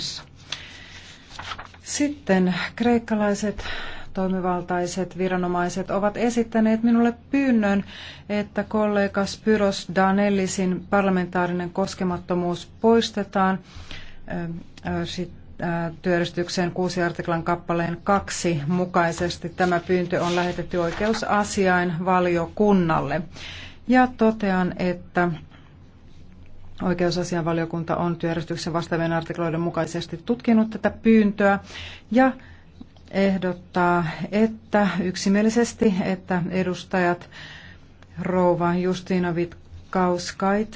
kanssa. Sitten kreikkalaiset toimivaltaiset viranomaiset ovat esittäneet minulle pyynnön, että kollega Spyros Danellisin parlamentaarinen koskemattomuus poistetaan työjärjestykseen 6 artiklan kappaleen 2 mukaisesti. Tämä pyyntö on lähetetty oikeusasiain valiokunnalle. Ja totean, että Oikeusasianvaliokunta on työjärjestyksen vastaavien artikloiden mukaisesti tutkinut tätä pyyntöä ja ehdottaa, että yksimielisesti, että edustajat Rouva Justiina Vitkauskaite